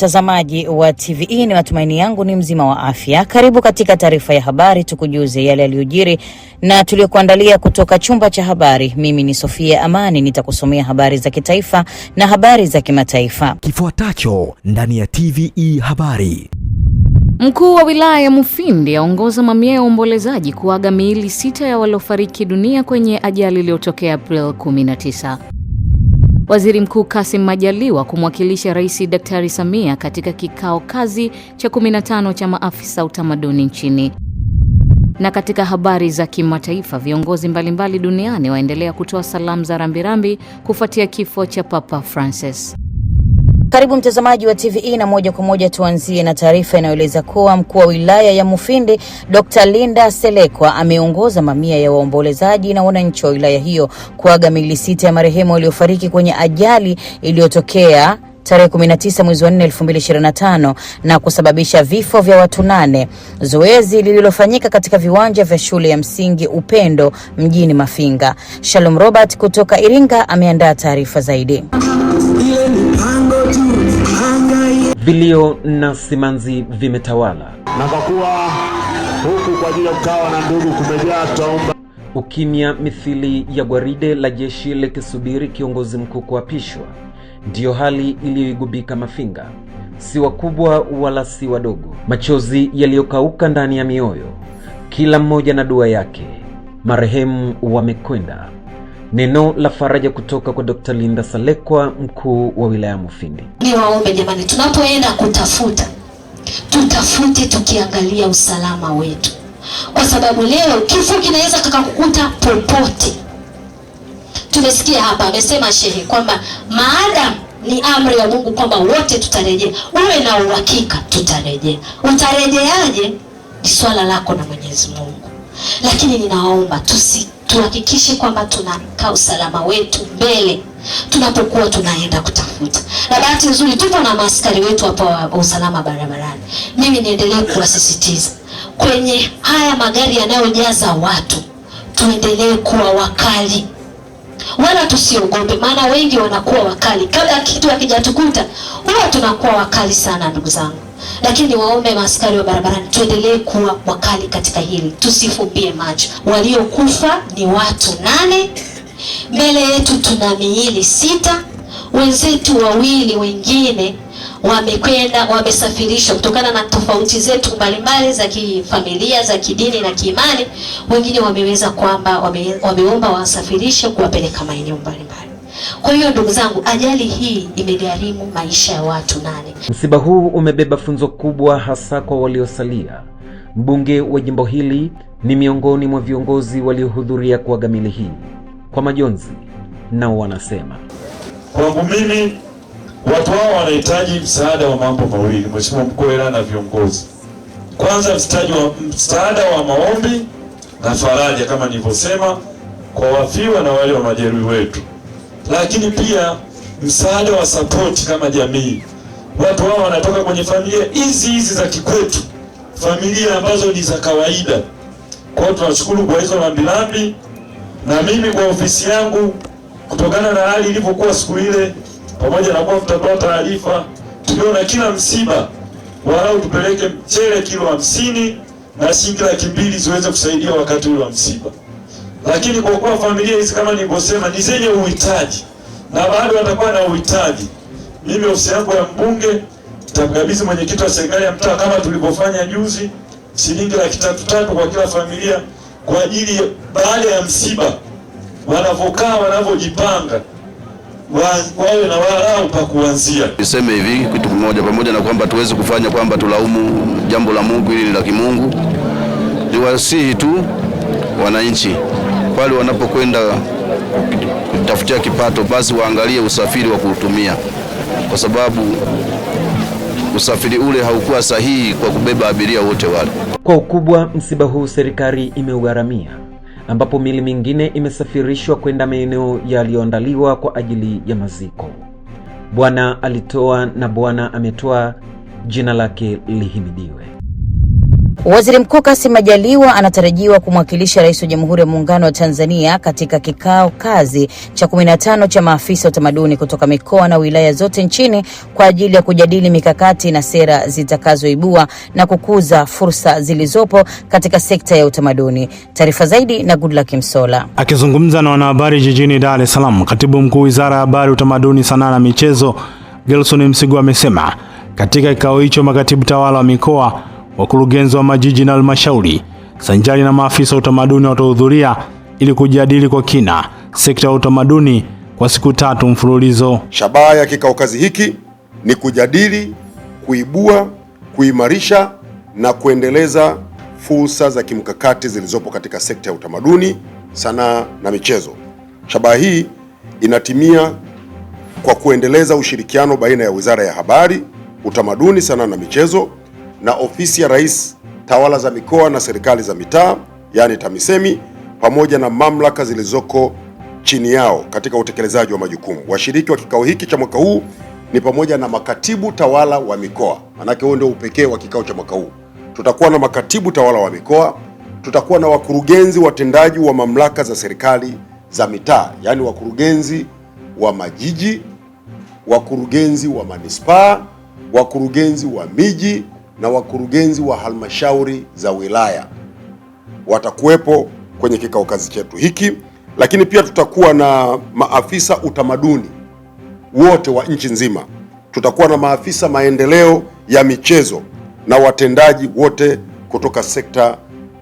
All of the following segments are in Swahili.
mtazamaji wa TVE, ni matumaini yangu ni mzima wa afya. Karibu katika taarifa ya habari, tukujuze yale yaliyojiri na tuliyokuandalia kutoka chumba cha habari. Mimi ni Sofia Amani, nitakusomea habari za kitaifa na habari za kimataifa kifuatacho ndani ya TVE habari. Mkuu wa wilaya ya Mufindi aongoza mamia ya uombolezaji kuaga miili sita ya waliofariki dunia kwenye ajali iliyotokea April 19. Waziri Mkuu Kassim Majaliwa kumwakilisha Rais Daktari Samia katika kikao kazi cha 15 cha maafisa utamaduni nchini. Na katika habari za kimataifa, viongozi mbalimbali duniani waendelea kutoa salamu za rambirambi kufuatia kifo cha Papa Francis. Karibu mtazamaji wa TVE na moja kwa moja tuanzie na taarifa inayoeleza kuwa mkuu wa wilaya ya Mufindi Dr. Linda Selekwa ameongoza mamia ya waombolezaji na wananchi wa wilaya hiyo kuaga miili sita ya marehemu waliofariki kwenye ajali iliyotokea tarehe 19 mwezi wa 4 2025 na kusababisha vifo vya watu nane, zoezi lililofanyika katika viwanja vya shule ya msingi Upendo mjini Mafinga. Shalom Robert kutoka Iringa ameandaa taarifa zaidi. Vilio na simanzi vimetawala, na kwa kuwa huku kwa ajili ya Ukawa na Ndugu kumejaa, tutaomba ukimya mithili ya gwaride la jeshi likisubiri kiongozi mkuu kuapishwa. Ndiyo hali iliyoigubika Mafinga, si wakubwa wala si wadogo, machozi yaliyokauka ndani ya mioyo, kila mmoja na dua yake. Marehemu wamekwenda. Neno la faraja kutoka kwa Dr. Linda Salekwa, mkuu wa wilaya Mufindi. Ni waombe jamani, tunapoenda kutafuta tutafute tukiangalia usalama wetu, kwa sababu leo kifo kinaweza kakakukuta popote. Tumesikia hapa amesema shehe kwamba maadamu ni amri ya Mungu kwamba wote tutarejea, uwe na uhakika tutarejea. Utarejeaje ni swala lako na Mwenyezi Mungu lakini ninawaomba tusi tuhakikishe kwamba tunakaa usalama wetu mbele tunapokuwa tunaenda kutafuta. Na bahati nzuri tupo na maaskari wetu hapa wa usalama barabarani. Mimi niendelee kuwasisitiza kwenye haya magari yanayojaza watu, tuendelee kuwa wakali, wala tusiogope, maana wengi wanakuwa wakali. Kabla kitu hakijatukuta, huwa tunakuwa wakali sana, ndugu zangu. Lakini niwaombe maaskari wa barabarani, tuendelee kuwa wakali katika hili, tusifumbie macho. Waliokufa ni watu nane, mbele yetu tuna miili sita, wenzetu wawili wengine wamekwenda wamesafirishwa, kutokana na tofauti zetu mbalimbali za kifamilia, za kidini na kiimani. Wengine wameweza kwamba wame, wameomba wasafirishe kuwapeleka maeneo mbalimbali. Kwa hiyo ndugu zangu, ajali hii imegharimu maisha ya watu nane. Msiba huu umebeba funzo kubwa, hasa kwa waliosalia. Mbunge wa jimbo hili ni miongoni mwa viongozi waliohudhuria kuaga mili hii kwa majonzi, nao wanasema kwangu mimi watu hao wanahitaji msaada wa mambo mawili, Mheshimiwa mkuu wa wilaya na viongozi. Kwanza wa, msaada wa maombi na faraja, kama nilivyosema, kwa wafiwa na wale wa majeruhi wetu lakini pia msaada wa sapoti kama jamii. Watu hao wanatoka kwenye familia hizi hizi za kikwetu, familia ambazo ni za kawaida. Kwa hiyo tunashukuru kwa hizo rambirambi, na mimi kwa ofisi yangu, kutokana na hali ilivyokuwa siku ile, pamoja na kuwa tutatoa taarifa, tuliona kila msiba walau tupeleke mchele kilo hamsini na shilingi laki mbili ziweze kusaidia wakati ule wa msiba lakini kwa kuwa familia hizi kama nilivyosema ni zenye uhitaji na bado watakuwa na uhitaji, mimi ofisi yangu ya mbunge nitamkabidhi mwenyekiti wa serikali ya mtaa kama tulivyofanya juzi, shilingi laki tatu tatu kwa kila familia kwa ajili baada ya msiba, wanavyokaa wanavyojipanga wawe na walau pa kuanzia. Niseme hivi kitu kimoja, pamoja na kwamba tuweze kufanya kwamba tulaumu jambo la Mungu, hili ni la kimungu. Niwasihi tu wananchi pale wanapokwenda kutafutia kipato, basi waangalie usafiri wa kuutumia, kwa sababu usafiri ule haukuwa sahihi kwa kubeba abiria wote wale. Kwa ukubwa msiba huu serikali imeugharamia, ambapo miili mingine imesafirishwa kwenda maeneo yaliyoandaliwa kwa ajili ya maziko. Bwana alitoa na Bwana ametoa, jina lake lihimidiwe. Waziri Mkuu Kassim Majaliwa anatarajiwa kumwakilisha Rais wa Jamhuri ya Muungano wa Tanzania katika kikao kazi cha 15 cha maafisa wa utamaduni kutoka mikoa na wilaya zote nchini kwa ajili ya kujadili mikakati na sera zitakazoibua na kukuza fursa zilizopo katika sekta ya utamaduni. Taarifa zaidi na Goodluck Msola. Akizungumza na wanahabari jijini Dar es Salaam, Katibu Mkuu Wizara ya Habari, Utamaduni, Sanaa na Michezo Gelson Msigu amesema katika kikao hicho makatibu tawala wa mikoa wakurugenzi wa majiji na halmashauri sanjari na maafisa wa utamaduni watahudhuria ili kujadili kwa kina sekta ya utamaduni kwa siku tatu mfululizo. Shabaha ya kikao kazi hiki ni kujadili, kuibua, kuimarisha na kuendeleza fursa za kimkakati zilizopo katika sekta ya utamaduni, sanaa na michezo. Shabaha hii inatimia kwa kuendeleza ushirikiano baina ya Wizara ya Habari, Utamaduni, Sanaa na Michezo na ofisi ya Rais tawala za mikoa na serikali za mitaa, yani TAMISEMI, pamoja na mamlaka zilizoko chini yao katika utekelezaji wa majukumu. Washiriki wa kikao hiki cha mwaka huu ni pamoja na makatibu tawala wa mikoa, manake huo ndio upekee wa kikao cha mwaka huu. Tutakuwa na makatibu tawala wa mikoa, tutakuwa na wakurugenzi watendaji wa mamlaka za serikali za mitaa, yaani wakurugenzi wa majiji, wakurugenzi wa manispaa, wakurugenzi wa miji na wakurugenzi wa halmashauri za wilaya watakuwepo kwenye kikao kazi chetu hiki, lakini pia tutakuwa na maafisa utamaduni wote wa nchi nzima, tutakuwa na maafisa maendeleo ya michezo na watendaji wote kutoka sekta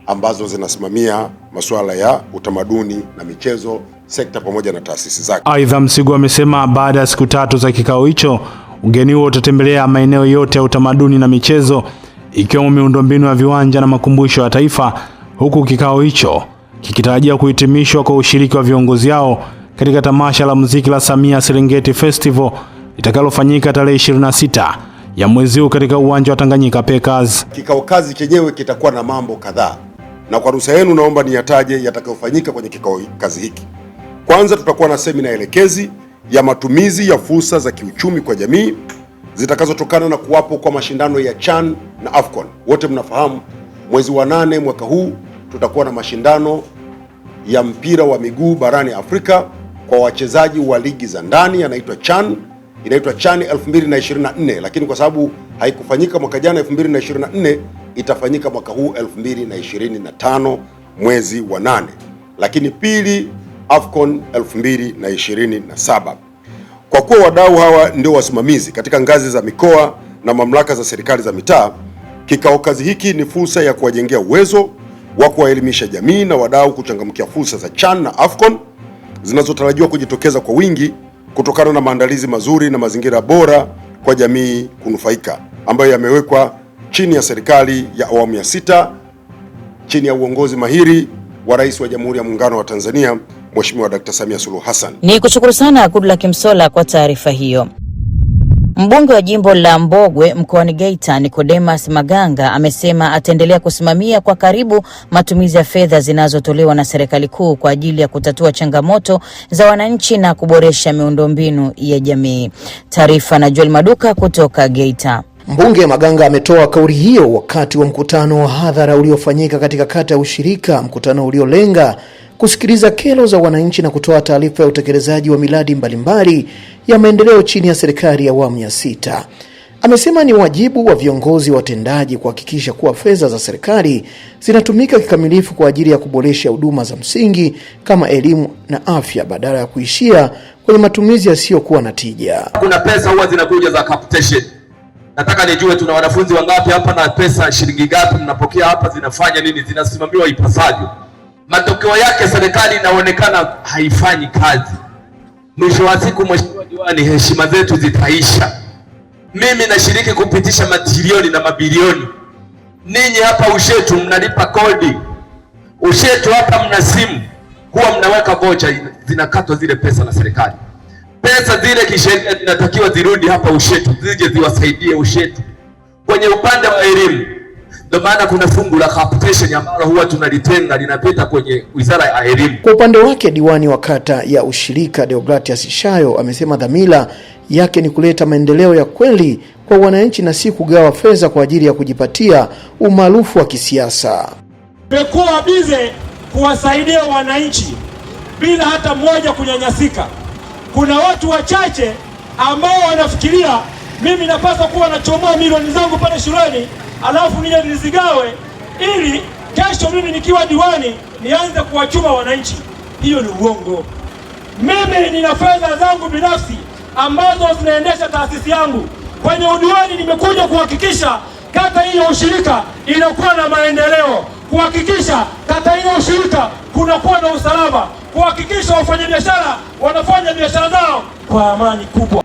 ambazo zinasimamia masuala ya utamaduni na michezo sekta pamoja na taasisi zake. Aidha, Msigwa amesema baada ya siku tatu za kikao hicho Ugeni huo utatembelea maeneo yote ya utamaduni na michezo ikiwemo miundombinu ya viwanja na makumbusho ya taifa, huku kikao hicho kikitarajia kuhitimishwa kwa ushiriki wa viongozi hao katika tamasha la muziki la Samia Serengeti Festival litakalofanyika tarehe 26 ya mwezi huu katika uwanja wa Tanganyika Packers. Kikao kazi chenyewe kitakuwa na mambo kadhaa, na kwa ruhusa yenu naomba niyataje yatakayofanyika kwenye kikao kazi hiki. Kwanza tutakuwa na semina elekezi ya matumizi ya fursa za kiuchumi kwa jamii zitakazotokana na kuwapo kwa mashindano ya CHAN na AFCON. Wote mnafahamu mwezi wa nane mwaka huu tutakuwa na mashindano ya mpira wa miguu barani Afrika kwa wachezaji wa ligi za ndani yanaitwa CHAN, inaitwa CHAN 2024 lakini kwa sababu haikufanyika mwaka jana 2024, itafanyika mwaka huu 2025 mwezi wa nane. Lakini pili AFCON 2027. Kwa kuwa wadau hawa ndio wasimamizi katika ngazi za mikoa na mamlaka za serikali za mitaa, kikao kazi hiki ni fursa ya kuwajengea uwezo wa kuwaelimisha jamii na wadau kuchangamkia fursa za CHAN na AFCON zinazotarajiwa kujitokeza kwa wingi kutokana na maandalizi mazuri na mazingira bora kwa jamii kunufaika ambayo yamewekwa chini ya serikali ya awamu ya sita chini ya uongozi mahiri wa Rais wa Jamhuri ya Muungano wa Tanzania Mheshimiwa Dkt. Samia Suluhu Hassan. Ni kushukuru sana Goodluck Msolla kwa taarifa hiyo. Mbunge wa jimbo la Mbogwe mkoani Geita, Nicodemus Maganga amesema ataendelea kusimamia kwa karibu matumizi ya fedha zinazotolewa na serikali kuu kwa ajili ya kutatua changamoto za wananchi na kuboresha miundombinu ya jamii. Taarifa na Joel Maduka kutoka Geita. Mbunge Maganga ametoa kauli hiyo wakati wa mkutano wa hadhara uliofanyika katika kata ya Ushirika, mkutano uliolenga kusikiliza kero za wananchi na kutoa taarifa ya utekelezaji wa miradi mbalimbali ya maendeleo chini ya serikali ya awamu ya sita. Amesema ni wajibu wa viongozi watendaji kuhakikisha kuwa fedha za serikali zinatumika kikamilifu kwa ajili ya kuboresha huduma za msingi kama elimu na afya badala ya kuishia kwenye matumizi yasiyokuwa na tija. Kuna pesa huwa zinakuja za capitation nataka nijue tuna wanafunzi wangapi hapa na pesa shilingi ngapi mnapokea hapa, zinafanya nini, zinasimamiwa ipasavyo. Matokeo yake serikali inaonekana haifanyi kazi. Mwisho wa siku, mheshimiwa diwani, heshima zetu zitaisha. Mimi nashiriki kupitisha matilioni na mabilioni, ninyi hapa Ushetu mnalipa kodi, Ushetu hapa mna simu, huwa mnaweka vocha, zinakatwa zile pesa na serikali pesa zile kisheria zinatakiwa zirudi hapa Ushetu, zije ziwasaidie Ushetu kwenye upande wa elimu. Ndio maana kuna fungu la capitation ambalo huwa tunalitenga linapita kwenye wizara ya elimu. Kwa upande wake, diwani wa kata ya Ushirika Deogratias Shayo amesema dhamira yake ni kuleta maendeleo ya kweli kwa wananchi na si kugawa fedha kwa ajili ya kujipatia umaarufu wa kisiasa. Tumekuwa bize kuwasaidia wananchi bila hata mmoja kunyanyasika kuna watu wachache ambao wanafikiria mimi napaswa kuwa nachomoa milioni zangu pale shuleni, alafu nije nizigawe ili kesho mimi nikiwa diwani nianze kuwachuma wananchi. Hiyo ni uongo. Mimi nina fedha zangu binafsi ambazo zinaendesha taasisi yangu. Kwenye udiwani nimekuja kuhakikisha kata hii ya ushirika inakuwa na maendeleo, kuhakikisha kata hii ya ushirika kunakuwa na usalama, kuhakikisha wafanyabiashara wanafanya biashara zao kwa amani kubwa.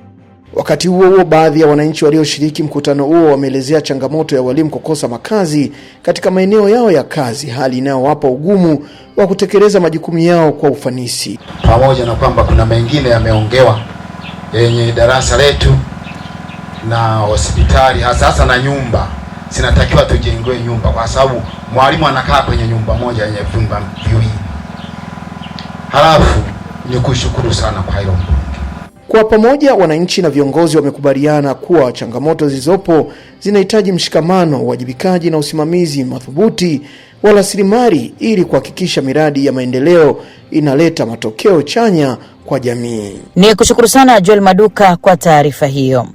Wakati huo huo, baadhi ya wananchi walioshiriki mkutano huo wameelezea changamoto ya walimu kukosa makazi katika maeneo yao ya kazi, hali inayowapa ugumu wa kutekeleza majukumu yao kwa ufanisi. Pamoja na kwamba kuna mengine yameongewa yenye darasa letu na hospitali hasa hasa na nyumba zinatakiwa tujengiwe nyumba, kwa sababu mwalimu anakaa kwenye nyumba moja yenye vyumba viwili. Halafu ni kushukuru sana kwa hilo. Kwa pamoja wananchi na viongozi wamekubaliana kuwa changamoto zilizopo zinahitaji mshikamano, uwajibikaji na usimamizi madhubuti wa rasilimali ili kuhakikisha miradi ya maendeleo inaleta matokeo chanya kwa jamii. Ni kushukuru sana Joel Maduka kwa taarifa hiyo.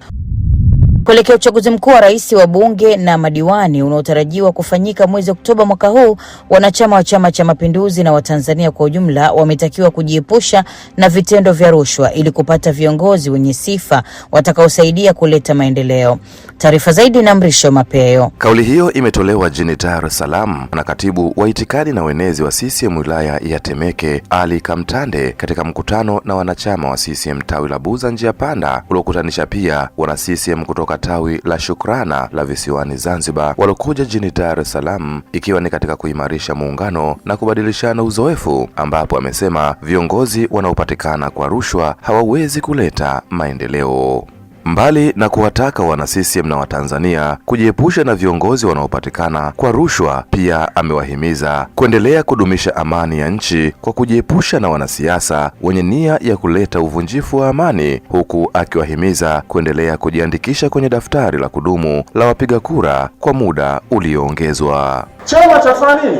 Kuelekea uchaguzi mkuu wa rais wa bunge na madiwani unaotarajiwa kufanyika mwezi Oktoba mwaka huu, wanachama wa Chama cha Mapinduzi na Watanzania kwa ujumla wametakiwa kujiepusha na vitendo vya rushwa ili kupata viongozi wenye sifa watakaosaidia kuleta maendeleo. Taarifa zaidi na Mrisho Mapeo. Kauli hiyo imetolewa jijini Dar es Salaam na katibu wa itikadi na uenezi wa CCM wilaya ya Temeke Ali Kamtande katika mkutano na wanachama wa CCM tawi la Buza njia panda uliokutanisha pia wana CCM kutoka tawi la Shukrana la visiwani Zanzibar walokuja jini Dar es Salaam, ikiwa ni katika kuimarisha muungano na kubadilishana uzoefu, ambapo amesema viongozi wanaopatikana kwa rushwa hawawezi kuleta maendeleo mbali na kuwataka wana CCM na Watanzania kujiepusha na viongozi wanaopatikana kwa rushwa, pia amewahimiza kuendelea kudumisha amani ya nchi kwa kujiepusha na wanasiasa wenye nia ya kuleta uvunjifu wa amani, huku akiwahimiza kuendelea kujiandikisha kwenye daftari la kudumu la wapiga kura kwa muda ulioongezwa. Chama cha fani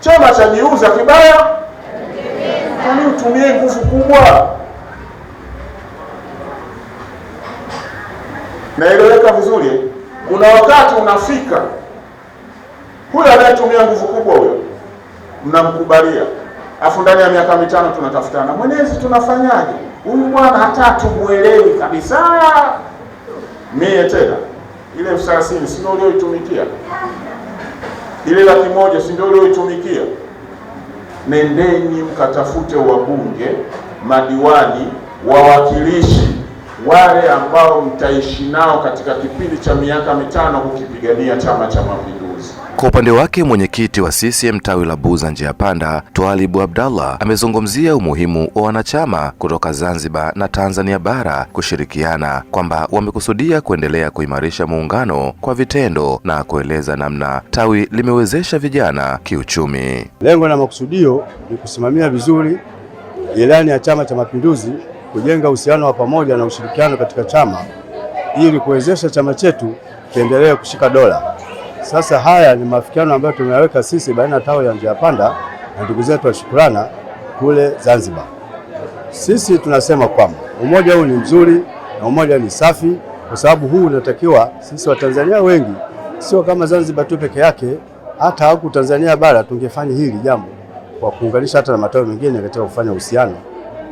Chama jiuza kibaya, kwani utumie nguvu kubwa naeleweka vizuri. Eh? Kuna wakati unafika, huyo anayetumia nguvu kubwa, huyo mnamkubalia, afu ndani ya miaka mitano tunatafutana, mwenyezi tunafanyaje? Huyu bwana hata tumuelewi kabisa. Mie tena ile elfu thelathini si ndio ulioitumikia? Ile laki moja si ndio ulioitumikia? Nendeni mkatafute wabunge, madiwani, wawakilishi wale ambao mtaishi nao katika kipindi cha miaka mitano kukipigania Chama cha Mapinduzi. Kwa upande wake mwenyekiti wa CCM tawi la Buza njia panda Twalibu Abdallah amezungumzia umuhimu wa wanachama kutoka Zanzibar na Tanzania bara kushirikiana, kwamba wamekusudia kuendelea kuimarisha muungano kwa vitendo na kueleza namna tawi limewezesha vijana kiuchumi. Lengo na makusudio ni kusimamia vizuri ilani ya Chama cha Mapinduzi kujenga uhusiano wa pamoja na ushirikiano katika chama ili kuwezesha chama chetu kiendelee kushika dola. Sasa haya ni maafikiano ambayo tumeyaweka sisi baina ya tawi ya njia panda na ndugu zetu wa Shukrana kule Zanzibar. Sisi tunasema kwamba umoja huu ni mzuri na umoja ni safi, kwa sababu huu unatakiwa sisi Watanzania wengi, sio kama Zanzibar tu peke yake, hata huku Tanzania bara tungefanya hili jambo kwa kuunganisha hata na matawi mengine katika kufanya uhusiano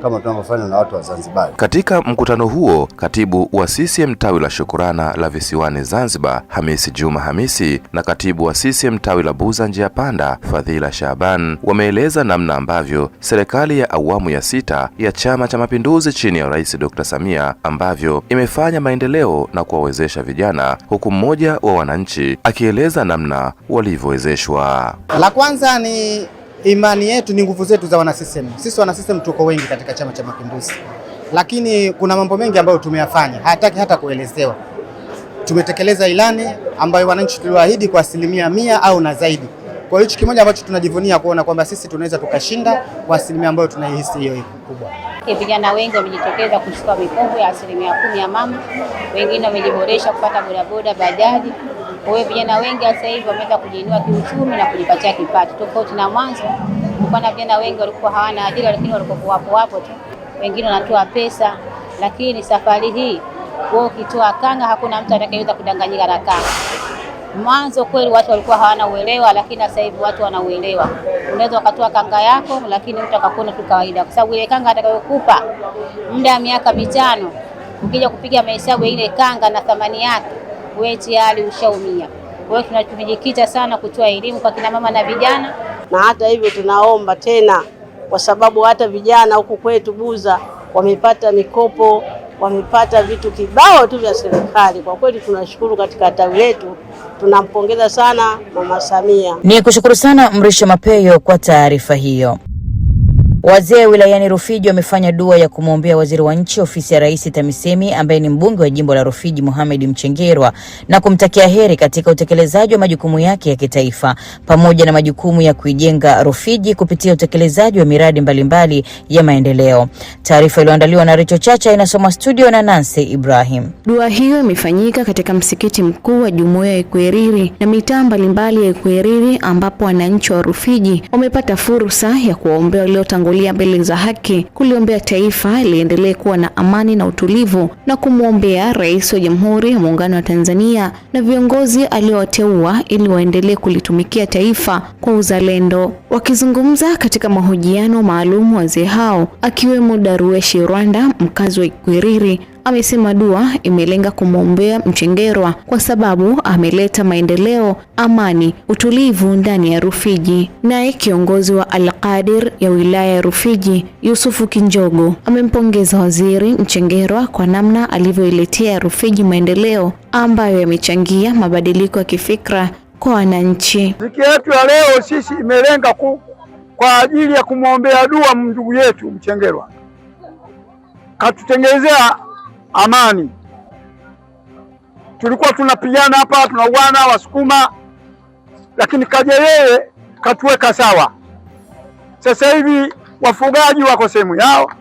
kama tunavyofanya na watu wa Zanzibar. Katika mkutano huo, katibu wa CCM tawi la Shukurana la visiwani Zanzibar, Hamisi Juma Hamisi, na katibu wa CCM tawi la Buza njia panda, Fadhila Shaban, wameeleza namna ambavyo serikali ya awamu ya sita ya Chama cha Mapinduzi chini ya Rais Dr. Samia ambavyo imefanya maendeleo na kuwawezesha vijana, huku mmoja wa wananchi akieleza namna walivyowezeshwa. La kwanza ni imani yetu ni nguvu zetu za wanasystem. Sisi wanasystem tuko wengi katika Chama cha Mapinduzi, lakini kuna mambo mengi ambayo tumeyafanya, hayataki hata kuelezewa. Tumetekeleza ilani ambayo wananchi tuliwaahidi kwa asilimia mia au na zaidi. Kwa hiyo hichi kimoja ambacho tunajivunia kuona kwamba sisi tunaweza tukashinda kwa asilimia ambayo tunaihisi hiyo kubwa. Vijana wengi wamejitokeza kuchukua mikopo ya asilimia kumi ya mama, wengine wamejiboresha kupata bodaboda, bajaji kwa hiyo vijana wengi sasa hivi wameweza kujiinua kiuchumi na kujipatia kipato, tofauti na mwanzo kulikuwa na vijana wengi walikuwa hawana ajira, lakini walikuwa wapo wapo tu, wengine wanatoa pesa. Lakini safari hii wewe ukitoa kanga, hakuna mtu atakayeweza kudanganyika na kanga. Mwanzo kweli watu walikuwa hawana uelewa, lakini sasa hivi watu wanauelewa. Unaweza ukatoa kanga yako, lakini mtu akakuona tu kawaida, kwa sababu ile kanga atakayokupa muda wa miaka mitano, ukija kupiga mahesabu ya ile kanga na thamani yake wewe tayari ushaumia. Kwa hiyo tunajikita sana kutoa elimu kwa kina mama na vijana, na hata hivyo tunaomba tena, kwa sababu hata vijana huku kwetu Buza wamepata mikopo, wamepata vitu kibao tu vya serikali. Kwa kweli tunashukuru katika tawi letu, tunampongeza sana Mama Samia. Ni kushukuru sana Mrisho Mapeyo kwa taarifa hiyo. Wazee wilayani Rufiji wamefanya dua ya kumwombea waziri wa nchi ofisi ya Rais TAMISEMI ambaye ni mbunge wa jimbo la Rufiji Mohamed Mchengerwa na kumtakia heri katika utekelezaji wa majukumu yake ya kitaifa pamoja na majukumu ya kuijenga Rufiji kupitia utekelezaji wa miradi mbalimbali mbali ya maendeleo. Taarifa iliyoandaliwa na Richo Chacha inasoma studio na Nancy Ibrahim. Dua hiyo imefanyika katika msikiti mkuu wa Jumuiya ya Ikweriri na mitaa mbalimbali ya Ikweriri ambapo wananchi wa Rufiji wamepata fursa ya kuwaombea waliotangulia kutangulia mbele za haki kuliombea taifa liendelee kuwa na amani na utulivu na kumwombea Rais wa Jamhuri ya Muungano wa Tanzania na viongozi aliowateua ili waendelee kulitumikia taifa kwa uzalendo. Wakizungumza katika mahojiano maalum wazee hao akiwemo darueshi Rwanda mkazi wa Ikwiriri amesema dua imelenga kumwombea Mchengerwa kwa sababu ameleta maendeleo, amani, utulivu ndani ya Rufiji. Naye kiongozi wa Al-Qadir ya wilaya ya Rufiji, Yusufu Kinjogo, amempongeza Waziri Mchengerwa kwa namna alivyoiletea Rufiji maendeleo ambayo yamechangia mabadiliko ya kifikra kwa wananchi. Ziki yetu ya leo sisi imelenga ku, kwa ajili ya kumwombea dua ndugu yetu Mchengerwa katutengenezea amani. Tulikuwa tunapigana hapa, tunauana Wasukuma, lakini kaja yeye katuweka sawa. Sasa hivi wafugaji wako sehemu yao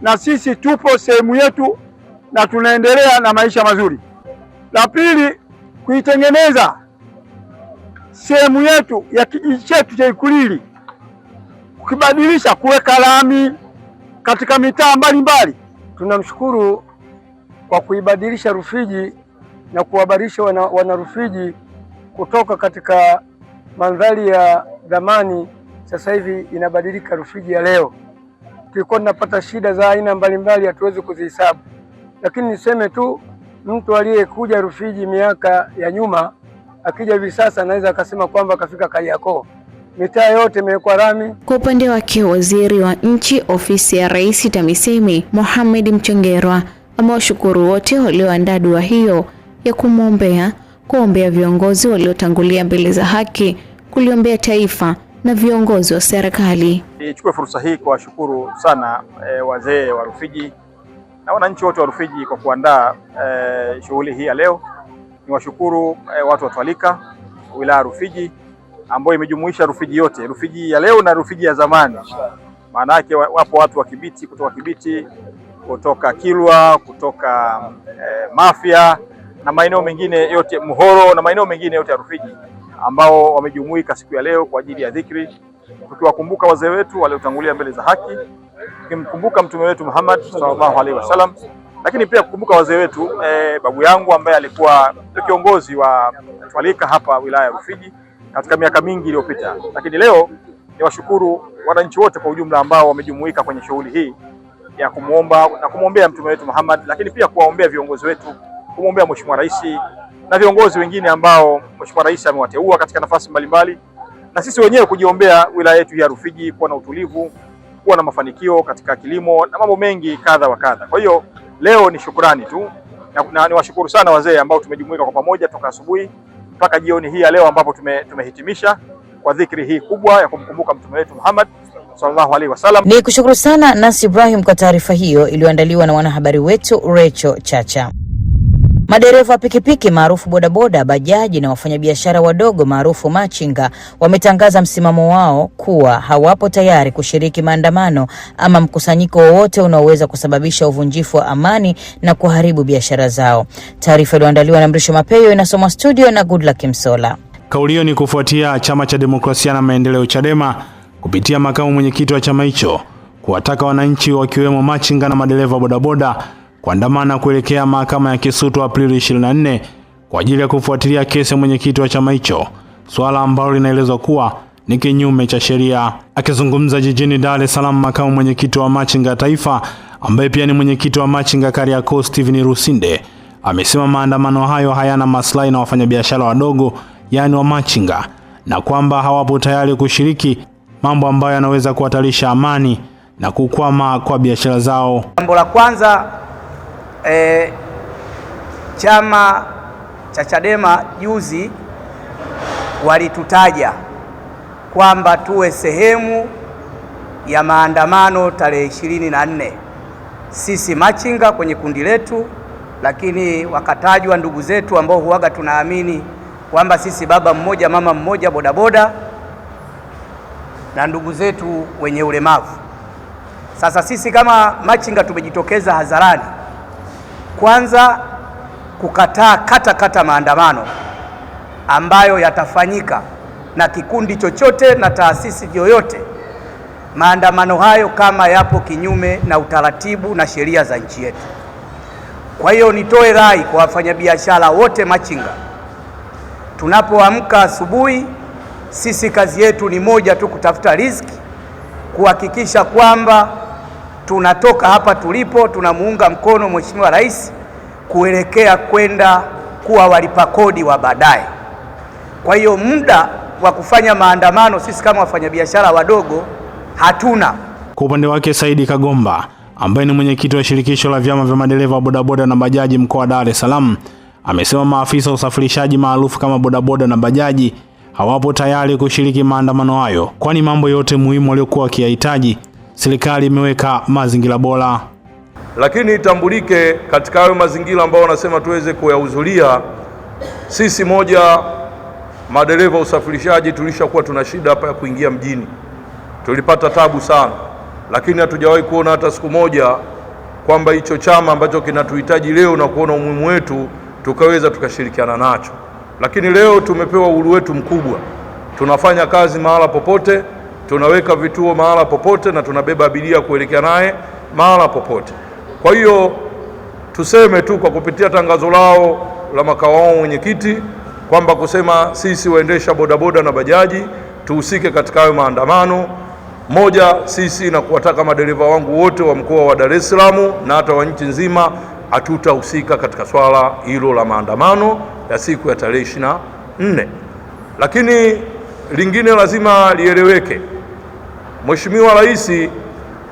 na sisi tupo sehemu yetu, na tunaendelea na maisha mazuri. La pili, kuitengeneza sehemu yetu ya kijiji chetu cha Ikulili, kukibadilisha kuweka lami katika mitaa mbalimbali. Tunamshukuru kwa kuibadilisha Rufiji na kuwabarisha wana, wana Rufiji kutoka katika mandhari ya zamani, sasa hivi inabadilika Rufiji ya leo. Tulikuwa tunapata shida za aina mbalimbali, hatuwezi kuzihesabu, lakini niseme tu mtu aliyekuja Rufiji miaka ya nyuma akija hivi sasa anaweza akasema kwamba akafika Kariakoo. Mitaa yote imewekwa rami. Kwa upande wake, waziri wa nchi ofisi ya Rais TAMISEMI Mohamed Mchengerwa amewashukuru wote walioandaa dua hiyo ya kumwombea, kuombea viongozi waliotangulia mbele za haki, kuliombea taifa na viongozi wa serikali. Nichukue fursa hii kuwashukuru sana e, wazee wa Rufiji na wananchi wote wa Rufiji kwa kuandaa e, shughuli hii ya leo. Niwashukuru e, watu wa Twalika, wilaya Rufiji ambayo imejumuisha Rufiji yote, Rufiji ya leo na Rufiji ya zamani. Maana yake wapo watu wa Kibiti, kutoka Kibiti, kutoka Kilwa, kutoka e, Mafia na maeneo mengine yote Muhoro na maeneo mengine yote ya Rufiji ambao wamejumuika siku ya leo kwa ajili ya dhikri, tukiwakumbuka wazee wetu waliotangulia mbele za haki, tukimkumbuka mtume wetu Muhammad sallallahu alaihi wasallam, lakini pia kukumbuka wazee wetu e, babu yangu ambaye alikuwa kiongozi wa twalika hapa wilaya ya Rufiji katika miaka mingi iliyopita, lakini leo ni washukuru wananchi wote kwa ujumla ambao wamejumuika kwenye shughuli hii ya kumwomba na kumwombea mtume wetu Muhammad, lakini pia kuwaombea viongozi wetu, kumwombea Mheshimiwa Rais na viongozi wengine ambao Mheshimiwa Rais amewateua katika nafasi mbalimbali, na sisi wenyewe kujiombea wilaya yetu ya Rufiji kuwa na utulivu, kuwa na mafanikio katika kilimo na mambo mengi kadha wa kadha. Kwa hiyo leo ni shukurani tu na, na niwashukuru sana wazee ambao tumejumuika kwa pamoja toka asubuhi mpaka jioni hii ya leo ambapo tumehitimisha tume kwa dhikri hii kubwa ya kumkumbuka mtume wetu Muhammad sallallahu alaihi wasallam. Ni kushukuru sana Nasi Ibrahim kwa taarifa hiyo iliyoandaliwa na wanahabari wetu Recho Chacha. Madereva wa pikipiki maarufu bodaboda, bajaji na wafanyabiashara wadogo maarufu machinga wametangaza msimamo wao kuwa hawapo tayari kushiriki maandamano ama mkusanyiko wowote unaoweza kusababisha uvunjifu wa amani na kuharibu biashara zao. Taarifa iliyoandaliwa na Mrisho Mapeyo inasomwa studio na Goodluck Msola. Kauli hiyo ni kufuatia chama cha demokrasia na maendeleo Chadema kupitia makamu mwenyekiti wa chama hicho kuwataka wananchi wakiwemo machinga na madereva bodaboda kuandamana kuelekea mahakama ya Kisutu Aprili 24 kwa ajili ya kufuatilia kesi ya mwenyekiti wa chama hicho, suala ambalo linaelezwa kuwa ni kinyume cha sheria. Akizungumza jijini Dar es Salaam, makamu mwenyekiti wa machinga taifa ambaye pia ni mwenyekiti wa machinga Kariakoo Steven Rusinde amesema maandamano hayo hayana maslahi na wafanyabiashara wadogo, yaani wa machinga, na kwamba hawapo tayari kushiriki mambo ambayo yanaweza kuhatarisha amani na kukwama kwa biashara zao. Jambo la kwanza e, chama cha Chadema juzi walitutaja kwamba tuwe sehemu ya maandamano tarehe ishirini na nne sisi machinga kwenye kundi letu, lakini wakatajwa ndugu zetu ambao huaga tunaamini kwamba sisi baba mmoja mama mmoja bodaboda na ndugu zetu wenye ulemavu. Sasa sisi kama machinga tumejitokeza hadharani, kwanza kukataa kata kata maandamano ambayo yatafanyika na kikundi chochote na taasisi yoyote, maandamano hayo kama yapo kinyume na utaratibu na sheria za nchi yetu. Kwa hiyo nitoe rai kwa wafanyabiashara wote machinga, tunapoamka asubuhi sisi kazi yetu ni moja tu, kutafuta riziki, kuhakikisha kwamba tunatoka hapa tulipo, tunamuunga mkono Mheshimiwa Rais kuelekea kwenda kuwa walipa kodi wa baadaye. Kwa hiyo muda wa kufanya maandamano sisi kama wafanyabiashara wadogo hatuna. Kwa upande wake, Saidi Kagomba ambaye ni mwenyekiti wa shirikisho la vyama vya madereva wa bodaboda na bajaji mkoa wa Dar es Salaam amesema maafisa wa usafirishaji maarufu kama bodaboda na bajaji hawapo tayari kushiriki maandamano hayo, kwani mambo yote muhimu waliokuwa wakiyahitaji serikali imeweka mazingira bora. Lakini itambulike katika hayo mazingira ambayo wanasema tuweze kuyahudhuria, sisi moja, madereva usafirishaji, tulishakuwa tuna shida hapa ya kuingia mjini, tulipata tabu sana, lakini hatujawahi kuona hata siku moja kwamba hicho chama ambacho kinatuhitaji leo na kuona umuhimu wetu tukaweza tukashirikiana nacho. Lakini leo tumepewa uhuru wetu mkubwa, tunafanya kazi mahala popote, tunaweka vituo mahala popote, na tunabeba abiria kuelekea naye mahala popote. Kwa hiyo tuseme tu kwa kupitia tangazo lao la makao wao mwenyekiti kwamba kusema sisi waendesha bodaboda na bajaji tuhusike katika hayo maandamano. Moja, sisi na kuwataka madereva wangu wote wa mkoa wa Dar es Salaam na hata wa nchi nzima hatutahusika katika swala hilo la maandamano ya siku ya tarehe ishirini na nne. Lakini lingine lazima lieleweke, Mheshimiwa Rais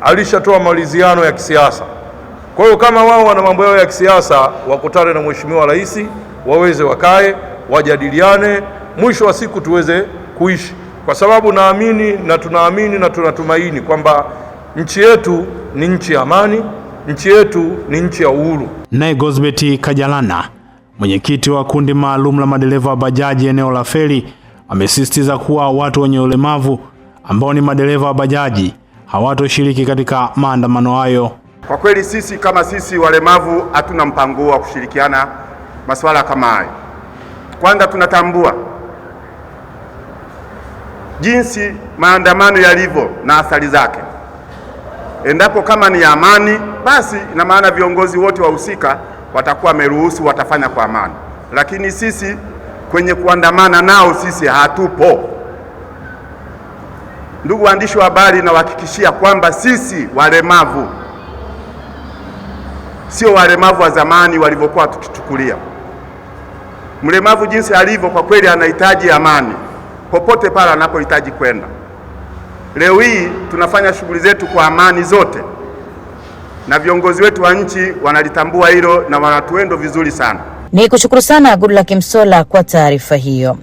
alishatoa maliziano ya kisiasa. Kwa hiyo kama wao wana mambo yao ya kisiasa, wakutane na Mheshimiwa Rais, waweze wakae, wajadiliane, mwisho wa siku tuweze kuishi, kwa sababu naamini na tunaamini na tunatumaini kwamba nchi yetu ni nchi ya amani nchi yetu ni nchi ya uhuru. Naye Gosbeti Kajalana, mwenyekiti wa kundi maalum la madereva wa bajaji eneo la Feri, amesisitiza kuwa watu wenye ulemavu ambao ni madereva wa bajaji hawatoshiriki katika maandamano hayo. Kwa kweli sisi kama sisi walemavu hatuna mpango wa kushirikiana masuala kama hayo. Kwanza tunatambua jinsi maandamano yalivyo na athari zake. Endapo kama ni amani, basi ina maana viongozi wote wahusika watakuwa wameruhusu, watafanya kwa amani. Lakini sisi kwenye kuandamana nao sisi hatupo. Ndugu waandishi wa habari, nawahakikishia kwamba sisi walemavu sio walemavu wa zamani walivyokuwa tukichukulia. Mlemavu jinsi alivyo, kwa kweli anahitaji amani popote pale anapohitaji kwenda. Leo hii tunafanya shughuli zetu kwa amani zote, na viongozi wetu wa nchi wanalitambua hilo na wanatuendo vizuri sana. Ni kushukuru sana Goodluck msola kwa taarifa hiyo.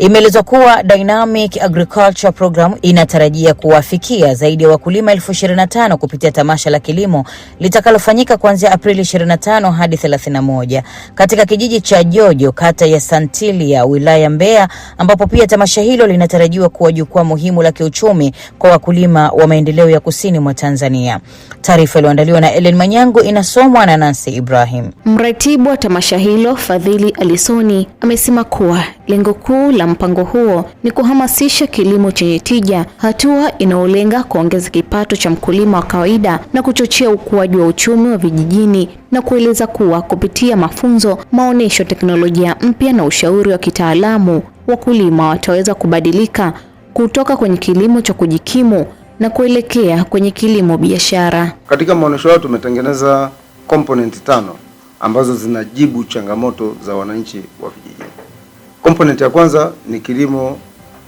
Imeelezwa kuwa Dynamic Agriculture Program inatarajia kuwafikia zaidi ya wakulima elfu 25 kupitia tamasha la kilimo litakalofanyika kuanzia Aprili 25 hadi 31 katika kijiji cha Jojo, kata ya Santilia, wilaya Mbeya, ambapo pia tamasha hilo linatarajiwa kuwa jukwaa muhimu la kiuchumi kwa wakulima wa maendeleo ya kusini mwa Tanzania. Taarifa iliyoandaliwa na Ellen Manyango inasomwa na Nancy Ibrahim. Mratibu wa tamasha hilo Fadhili Alisoni amesema kuwa Lengo kuu la mpango huo ni kuhamasisha kilimo chenye tija, hatua inayolenga kuongeza kipato cha mkulima wa kawaida na kuchochea ukuaji wa uchumi wa vijijini, na kueleza kuwa kupitia mafunzo, maonyesho, teknolojia mpya na ushauri wa kitaalamu, wakulima wataweza kubadilika kutoka kwenye kilimo cha kujikimu na kuelekea kwenye kilimo biashara. Katika maonyesho hayo tumetengeneza komponenti tano ambazo zinajibu changamoto za wananchi wa vijijini. Component ya kwanza ni kilimo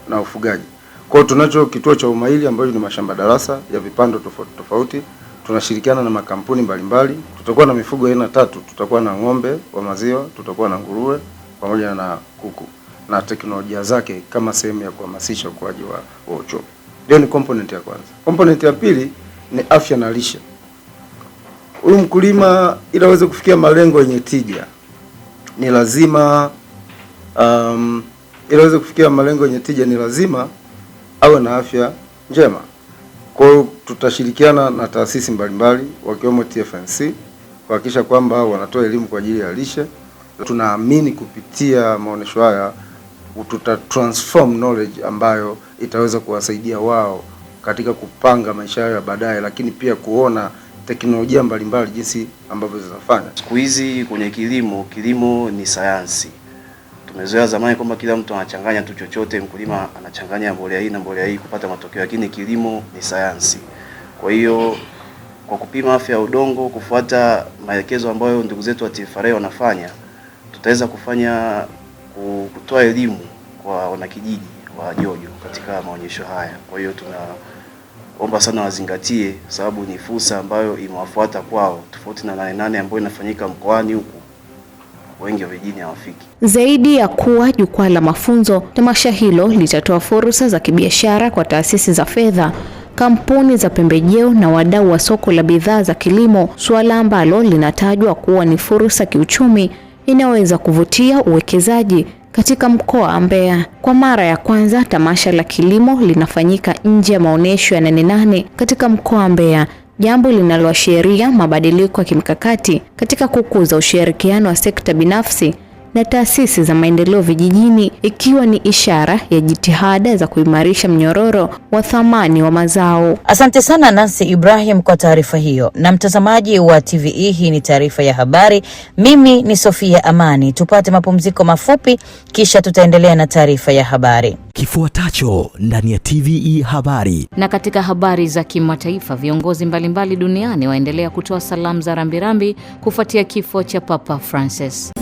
na ufugaji. Kwa hiyo tunacho kituo cha umaili ambacho ni mashamba darasa ya vipando tofauti tofauti. Tunashirikiana na makampuni mbalimbali. Tutakuwa na mifugo aina tatu, tutakuwa na ng'ombe wa maziwa, tutakuwa na nguruwe pamoja na kuku na teknolojia zake kama sehemu ya kuhamasisha ukuaji wa, wa uchumi. Hiyo ni component ya kwanza. Component ya pili ni afya na lishe. Huyu mkulima ili aweze kufikia malengo yenye tija ni lazima um, ili aweze kufikia malengo yenye tija ni lazima awe na afya njema. Kwa hiyo tutashirikiana na taasisi mbalimbali wakiwemo TFNC kuhakikisha kwamba wanatoa elimu kwa ajili ya lishe. Tunaamini kupitia maonesho haya tuta transform knowledge ambayo itaweza kuwasaidia wao katika kupanga maisha yao ya baadaye, lakini pia kuona teknolojia mbalimbali jinsi ambavyo zinafanya. Siku hizi kwenye kilimo, kilimo ni sayansi. Tumezoea zamani kwamba kila mtu anachanganya tu chochote, mkulima anachanganya mbolea hii na mbolea hii kupata matokeo, lakini kilimo ni sayansi. Kwa hiyo kwa kupima afya ya udongo, kufuata maelekezo ambayo ndugu zetu wa TFRA wanafanya, tutaweza kufanya kutoa elimu kwa wanakijiji wa Jojo katika maonyesho haya. Kwa hiyo tunaomba sana wazingatie, sababu ni fursa ambayo imewafuata kwao, tofauti na nane nane ambayo inafanyika mkoani huku wengi wa vijijini hawafiki. Zaidi ya kuwa jukwaa la mafunzo, tamasha hilo litatoa fursa za kibiashara kwa taasisi za fedha kampuni za pembejeo na wadau wa soko la bidhaa za kilimo, suala ambalo linatajwa kuwa ni fursa kiuchumi inaweza kuvutia uwekezaji katika mkoa wa Mbeya. Kwa mara ya kwanza tamasha la kilimo linafanyika nje ya maonyesho ya Nane Nane katika mkoa wa Mbeya jambo linaloashiria mabadiliko ya kimkakati katika kukuza ushirikiano wa sekta binafsi na taasisi za maendeleo vijijini ikiwa ni ishara ya jitihada za kuimarisha mnyororo wa thamani wa mazao. Asante sana Nancy Ibrahim kwa taarifa hiyo. Na mtazamaji wa TVE, hii ni taarifa ya habari. Mimi ni Sofia Amani. Tupate mapumziko mafupi, kisha tutaendelea na taarifa ya habari kifuatacho ndani ya TVE habari. Na katika habari za kimataifa, viongozi mbalimbali duniani waendelea kutoa salamu za rambirambi kufuatia kifo cha Papa Francis.